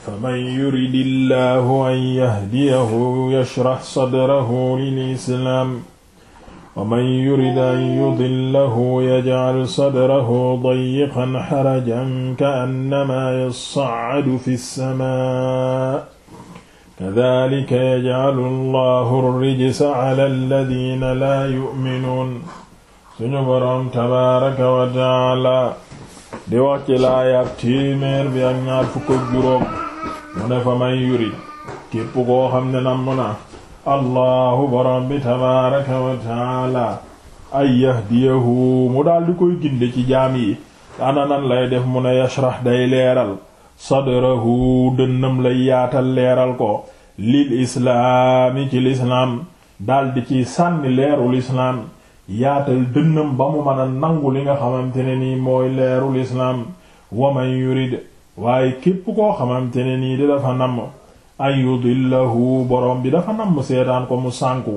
faman yuridi llahu an yahdiyahu yashrah sadrahu lilislaam wa man yurid an yudillahu yajcal sadrahu dayiqan xarajan kaannamaa yasacadu fi lsama kadalika yajcalu allahu arrijsa cala alladina laa yu'minuun suñu boroom tabaaraka wa tacaala di wax ci laayaab téeméer bi ak ñaar fukk ak juróom mu ne fa man yurid képp koo xam ne namm na allahu borom bi wa taala ay yahdiyahu mu daal di koy ginde ci jaam yi ana nan lay def mu ne yashrah day leeral sadrahu dënnam lay yaatal leeral ko lil islaami ci lislaam daldi ci sànni leerul islaam yaatal dënnam ba mu mën nangu li nga xamante ne nii mooy leerul islaam wa man yurid waaye képp koo xamante ne nii di dafa namm an yudillahu borom bi dafa namm seetaan ko mu sànku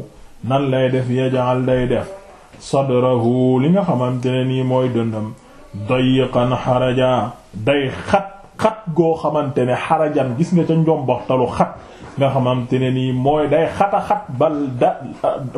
nan lay def yajal day def sadrahu li nga xamante ne nii mooy dëndam dayiqan day xat goo xamante ne xarajan gis nga ca njomboxtalu xat nga xamante ne nii mooy day xata xat bal da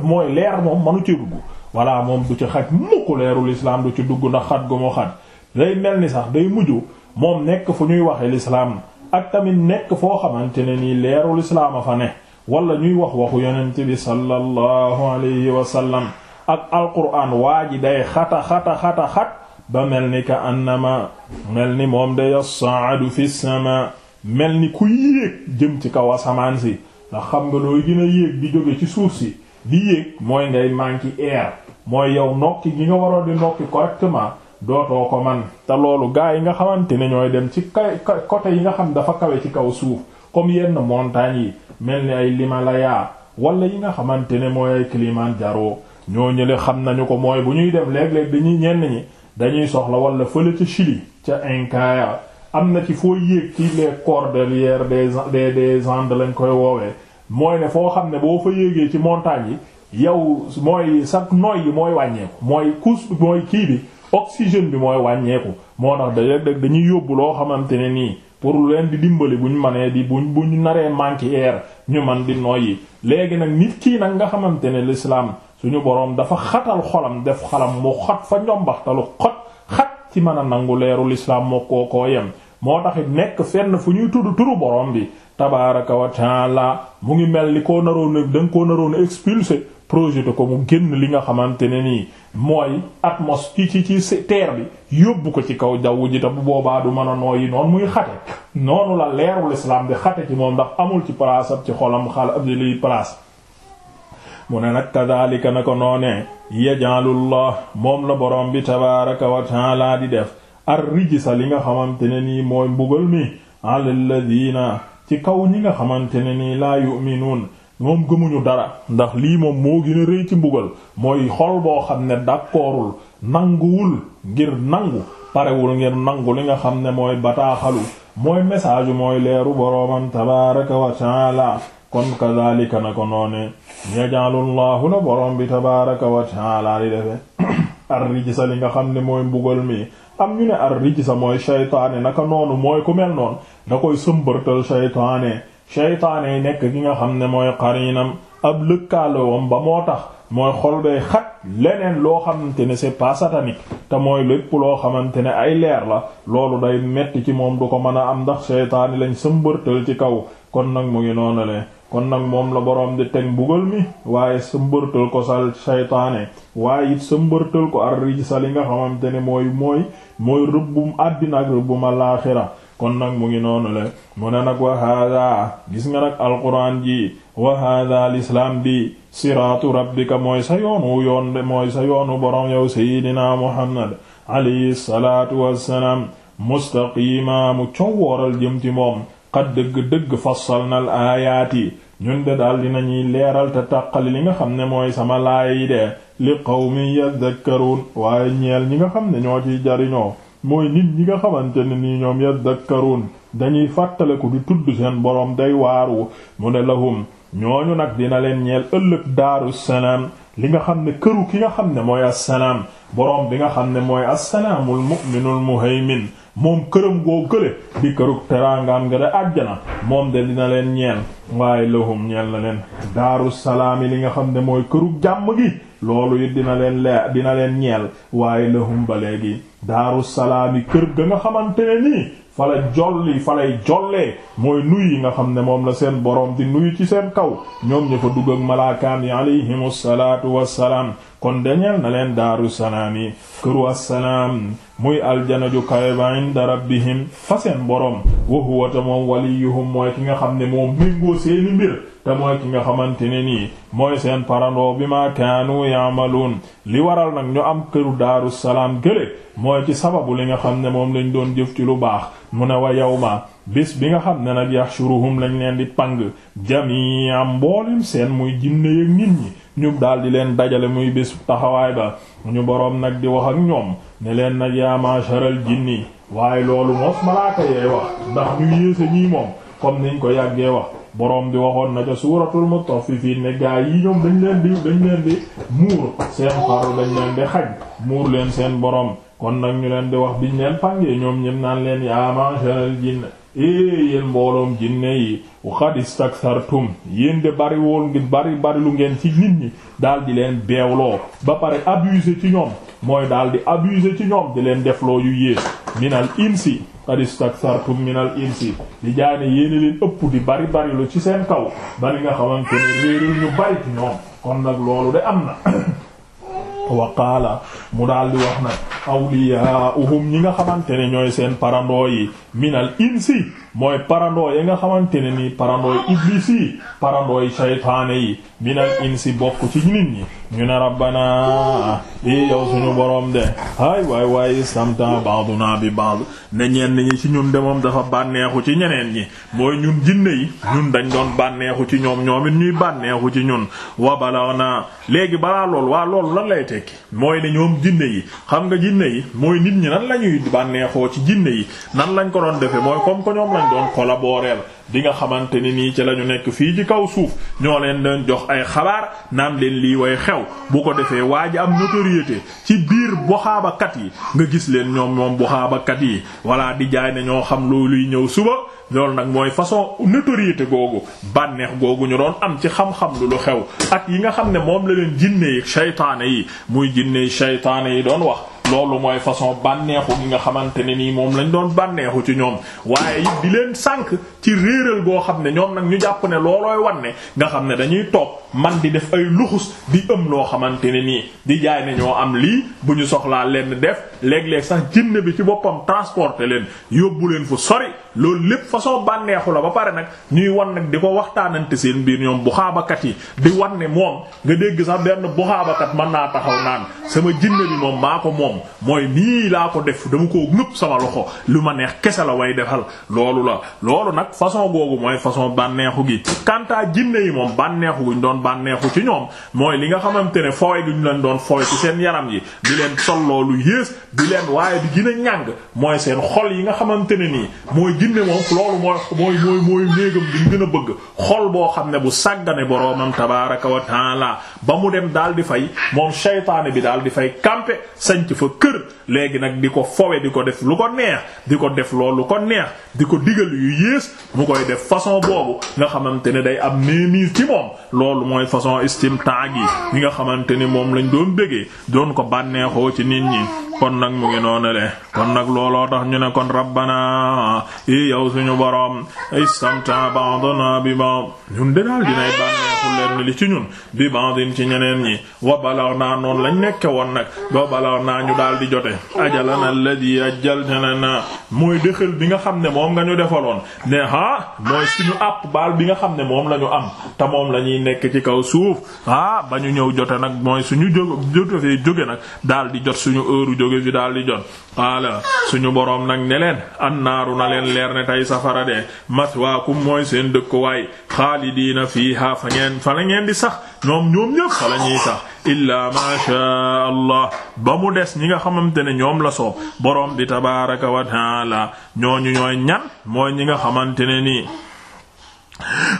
mooy leer moom manu ci dugg walla moom du ci xaj mukk leerul islaam du ci dugg ndax xat gu mu xat day mel ni sax day mujju moom nekk fu ñuy waxe lislaam ak tamit nekk foo xamante ne nii leerul islaama fa ne wala ñuy wax waxu yonent bi sallallahu alayhi wa ak ak alquraan waa ji day xata xata xata xat ba mel ni ka annama mel ni moom day yas'adu fi sama mel ni ku yéeg jëm ci kaw a samaan si ndax xam nga looy yéeg bi jóge ci suuf si di yéeg mooy ngay manqué air mooy yow nokki gi nga waroon di nokki correctement dootoo ko man te loolu gaa yi nga xamante ne ñooy dem ci kaw côté yi nga xam dafa kawe ci kaw suuf comme yenn montagnes yi mel ni ay l'Himalaya wala yi nga xamante ne mooy ay Kilimanjaro ñoo ñële xam nañu ko mooy bu ñuy dem léeg-léeg dañuy ñenn ñi dañuy soxla wala fële ca Chili ca Incaya am na ci foo yéeg ci les cordillères des des des Andes lañ koy woowee mooy ne foo xam ne boo fa yéegee ci montagnes yi yow mooy sax noy yi mooy wàññeeku mooy couche mooy kii bi oxygène bi mooy wàññeeku moo tax dañuy dañuy yóbbu loo xamante ne nii pour leen di dimbali buñ manee di buñ buñ naree manqué air ñu man di noyyi léegi nag nit kii nag nga xamante ne l'islam suñu boroom dafa xatal xolam def xalam mu xat fa njombaxtalu xot xat ci mën nangu leeru l'islam moo koo koo yem moo taxit nekk fenn fu ñuy tudd turu boroom bi tabaaraka wa mu ngi mel ni koo naroon a danga koo naroon a projeté ko mu génn li nga xamante ne nii mooy atmosphère ci ci ci terre bi yóbbu ko ci kaw jaww ji te bu boobaa du mën a nooyi noonu muy xate noonu la leerul islam di xate ci moom ndax amul ci place ab ci xolam xal ab di liy mu ne nag kadaalika na ko noonee yajaalullah moom la borom bi tabaaraka wa taala di def ar rijsa li nga xamante ne nii mooy mbugal mi ala ci kaw ñi nga xamante ne nii laa yu'minuun moom gëmuñu dara ndax lii moom moo gën a rëy ci mbugal mooy xol boo xam ne d'accordul nanguwul ngir nangu parewul ngir nangu li nga xam ne mooy bataaxalu mooy message mooy leeru boroomam tabaraka wa taala kon kadhalika na ko noone yajalullahu la borom bi tabaraka wa taala defe ar li nga xam ne mooy mbugal mi am ñu ne ar-rijsa mooy shaytaane naka noonu mooy ku mel noonu da koy sëmbërtal shaytaane seytaane yi nekk ki nga xam ne mooy xarinam ab lëkkaalowam ba moo tax mooy xol bay xat leneen loo xamante ne c'est pas te mooy lépp loo xamante ne ay leer la loolu day metti ci moom du ko mën a am ndax seytaane lañ sëmbërtal ci kaw kon nag mu ngi noonu le kon nag moom la boroom di teg mbugal mi waaye sëmbërtal ko sa seytaane waaye it sëmbërtal ko ar sa li nga xamante ne mooy mooy mooy rëbbum àddina ak rëbbum alaaxira kon nag mu ngi noonu le mu ne nag wa hada gis nga nag alquran ji wa hada lislaam bi siraatu rabbika mooy sa yoonu yoon de mooy sa yoonu borom yow seydina muhammad alayhi salaatu wassalaam mustaqima mu cowooral jëm ci moom qad dëgg-dëgg fassalna al aayaati ñun de daal dinañuy leeral te tàqali li nga xam ne mooy sama laay yi de li qawmin yadhakkarun waaye ñeel ñi nga xam ne ñoo ciy jariñoo mooy nit ñi nga xamante ne nii ñoom yadakkaruun dañuy fàttaleku di tudd seen boroom day waaru mu ne lahum ñooñu nag dina leen ñeel ëllëg daaru salaam li nga xam ne këru ki nga xam ne mooy assalaam boroom bi nga xam ne mooy assalaamul mu'minul muhaymin moom këram goo gële di këru teraangaam nga da àjjana moom de dina leen ñeel waaye lahum ñeel na leen daaru salaam yi li nga xam ne mooy këru jàmm gi loolu it dina leen lee dina leen ñeel waaye lahum léegi daaru salaam yi kër ga nga xamante ne nii fala jolli falay jollee mooy nuy yi nga xam ne moom la seen boroom di nuyu ci seen kaw ñoom ña fa dugg ak malaakaan yi alayhimu salaatu wassalaam kon dañeel na leen daaru salaam yi këru assalaam muy aljana ju kawe ba inda rabbihim fa seen boroom wa huwa moom waliyuhum mooy ki nga xam ne moom méngoo seeni mbir te mooy ki nga xamante ne nii mooy seen parandoo bi ma kaanu yaamaluun li waral nag ñu am këru daaru salaam gële mooy ci sababu li nga xam ne moom lañ doon jëf ci lu baax mu ne wa yawma bis bi nga xam ne nag yaxshuruhum lañ leen di pang jami'an mboolem seen muy jinne yëg nit ñi ñu daal di leen dajale muy bis taxawaay ba ñu boroom nag di wax ak ñoom ne leen nag yaa ma'sharal jinni waaye loolu moos malaaka yee wax ndax ñu yéese ñii moom comme niñ ko yàggee wax boroom bi waxoon na ca suuratul mutaffifiin ne gaa yi ñoom dañ leen di dañ leen di muur seen xaru dañ leen di xaj muur leen seen boroom kon nag ñu leen di wax biñ leen pàngee ñoom ñëm naan leen yaa ma'sharal jinn ee eh, yéen mbooloom jinne yi qad istakthartum yéen de bari woon ngi bari bari lu ngeen ci nit ñi daal di leen beewloo ba pare abuser ci ñoom mooy daal di abuser ci ñoom di leen defloo yu yées minal insi qad istakthartum min al insi di jaane yéeni leen ëpp di bari bari lu ci seen kaw bari nga xamante ne réeril ñu bari ci ñoom kon nag loolu de am na wa mu daal di wax nag awliyaa'uhum ñi nga xamante ne ñooy seen parandoo yi minal insi mooy parandoo ya nga xamante ne nii parandooy iblis yi parandooy saytaane yi minal insi bokk ci nit ñi ñu ne rabbana i yow suñu borom de hay waay waay istamta ba'duna bi ba'd ne ñenn ñi ci ñun de moom dafa bànneexu ci ñeneen ñi mooy ñun jinne yi ñun dañ doon bànneexu ci ñoom ñoom it ñuy bànneexu ci ñun wa balagna léegi balaa lool waa lool lan lay tekki mooy ne ñoom jinne yi xam nga jinne yi mooy nit ñi nan la bànneexoo ci jinne yi nan lañ ko doon defe lañ lañ doon collaborer di nga xamante ne nii ci la ñu nekk fii ci kaw suuf ñoo leen doon jox ay xabaar naan leen lii way xew bu ko defee waa am notoriété ci biir boxaabakat yi nga gis leen ñoom moom boxaabakat yi walaa di jaay ne ñoo xam luy ñëw suba loolu nag mooy façon notoriété googu bànneex googu ñu doon am ci xam-xam lu lu xew ak yi nga xam ne moom la leen jinne yi seytaane yi muy jinne yi seytaane yi doon wax loolu mooy façon bànneexu gi nga xamante ne nii moom lañu doon bànneexu ci ñoom waaye it di leen sànk ci réeral goo xam ne ñoom nag ñu jàpp ne loolooy wanne nga xam ne dañuy toog man di def ay luxus di ëm loo xamante ne nii di jaay ne ñoo am lii bu ñu soxlaa lenn def léeg-léeg sax jinne bi ci boppam transporter leen yóbbu leen fu sori loolu lépp façon bànneexu la ba pare nag ñuy wan nag di ko waxtaanante seen biir ñoom buxaabakat yi di wan ne moom nga sax benn buxaabakat mën naa taxaw naan sama jinne moom mooy nii laa ko def dama koo nëpp sama loxo lu ma neex kese la way defal loolu la loolu nag façon googu mooy façon bànneexu gi kantaa jinne yi moom bànneexu guñ doon bànneexu ci ñoom mooy li nga xamante ne fooy gi ñu leen doon fooy ci seen yaram yi di leen tolloo lu yées di leen waaye di gën a ñàng mooy seen xol yi nga xamante ne nii mooy jinne moom loolu mooy mooy mooy mooy néegam bi gën a bëgg xol boo xam ne bu sàggane boroomam tabaaraka wa taala ba mu dem daal di fay fa kër léegi nag di ko fowe di ko def lu ko neex di ko def loolu ko neex di ko digal yu yées mu koy def façon boobu nga xamante ne day ab néemise ci moom loolu mooy façon istimtaa gi ñi nga xamante ni moom lañ doon bëggee doon ko bànneexoo ci nit ñi kon nag mu ngi noonu le kon nag looloo tax ñu ne kon rabbana i yow suñu borom istamta ba'duna bi ba'd ñun de daal dinay bànneexu leen li ci ñun bi ba'din ci ñeneen ñi wa balax naa noonu lañ nekke woon nag doo balax naa ñu ñu daal di jote ajalana alladhi ajjaltana mooy dëxël bi nga xam ne moom nga ñu defaloon ne ah mooy suñu àpp baal bi nga xam ne moom la ñu am te moom la ñuy nekk ci kaw suuf ah ba ñu ñëw jote nag mooy suñu jóg jote fee jóge nag daal di jot suñu heure jóge fi daal di jot qaala suñu boroom nag ne leen annaaru na leen leer ne tey safara de maswaakum mooy seen dëkkuwaay xaalidiina fiihaa fa ngeen fa la ngeen di sax ñoom ñoom ñëpp fa la sax illaa ma allah ba mu des ñi nga xamante ne ñoom la soob boroom bi tabaaraka wa taala ñooñu ñooy ñan mooy ñi nga xamante ne nii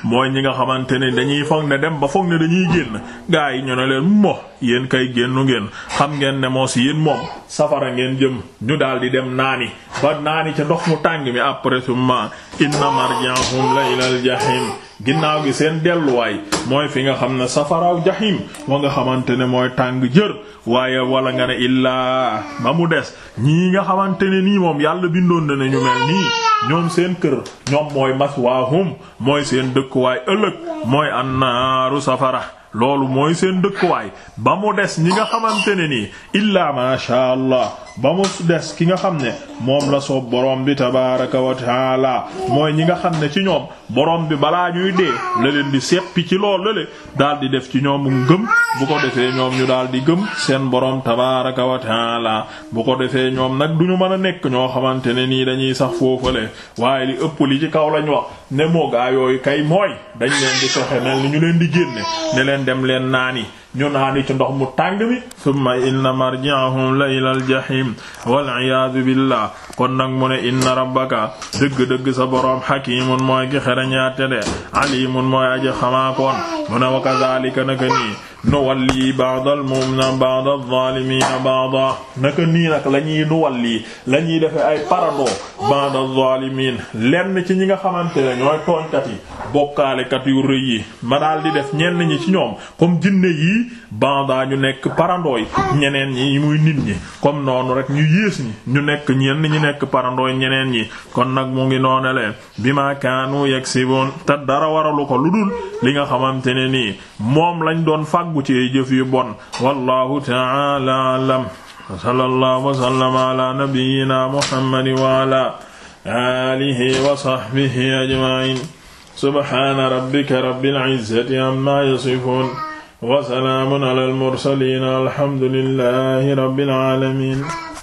mooy ñi nga xamante ne dañuy foog ne dem ba foog ne dañuy génn gaa yi ñu ne leen mo yéen kay génnu ngeen xam ngeen ne moos yéen moom safara ngeen jëm ñu daal di dem naani ba naani ca ndox mu tàng mi après summa inna marji'ahum la ilal jahim ginnaaw gi seen delluwaay mooy fi nga xam ne safaraaw jahim moo nga xamante ne mooy tàng jër waaye wala nga ne illaa ba mu des ñii nga xamante ne nii moom yàlla bindoon na ne ñu mel nii ñoom seen kër ñoom mooy maswaahum mooy seen dëkkuwaay ëllëg mooy annaaru safara loolu mooy seen dëkkuwaay ba mu des ñi nga xamante ne nii illaa masha allah ba mu des ki nga xam ne moom la soob borom bi tabaaraka wa taala mooy ñi nga xam ne ci ñoom borom bi balaa ñuy dee la leen di seppi ci loolu lale daal di def ci ñoom ngëm bu ko defee ñoom ñu daal di gëm seen borom tabaaraka wa taala bu ko defee ñoom nag du ñu mën a nekk ñoo xamante ne nii dañuy sax foofale waaye li ëpp li ci kaw lañ wax ne moo gaa yooyu kay mooy dañ leen di fexe mel ni ñu leen di génne ne leen dem leen naani ñu naani ci ndox mu tàng mi summa inna marji'ahum la ila aljahim wal iyaadu billah kon nag mu ne inna rabbaka dëgg-dëgg sa borom hakimun mooy ki xereñaate de alimun mooy aji xamaakoon mu ne wa kadhalika naka nii nu walli ba'd al mu'min ba'd al zalimin ba'da naka nii nak la ñuy nu walli la ñuy defee ay parado ba'd al zalimin lenn ci ñi nga xamante ne ñooy tooñkat yi bokkaalekat yu rëy yi ma daal di def ñenn ñi ci ñoom comme jinne yi banda ñu nekk parandooy ñeneen ñi muy nit ñi comme noonu rek ñu yées ñi ñu nekk ñenn ñi nekk parandooy ñeneen ñi kon nag mu ngi noonale bi ma kaanu boon te dara waralu ko lu dul li nga ne nii moom lañ doon fàggu ci ay jëf yu bon wallahu ta'ala alam wa sallallahu wa sallama ala nabiyyina muhammad wa ala alihi wa sahbihi ajma'in subhana rabbika rabbil izzati amma yasifun wa salaamun ala al mursalin alhamdulillahi rabbil alamin